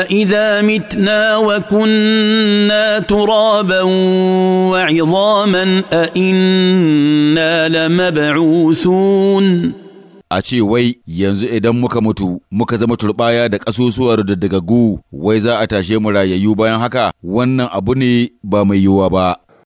أإذا متنا وكنا ترابا وعظاما أإنا لمبعوثون a ce wai yanzu idan muka mutu muka zama turɓaya da ƙasusuwar da daga gu wai za a tashe mu rayayyu bayan haka wannan abu ne ba mai yiwuwa ba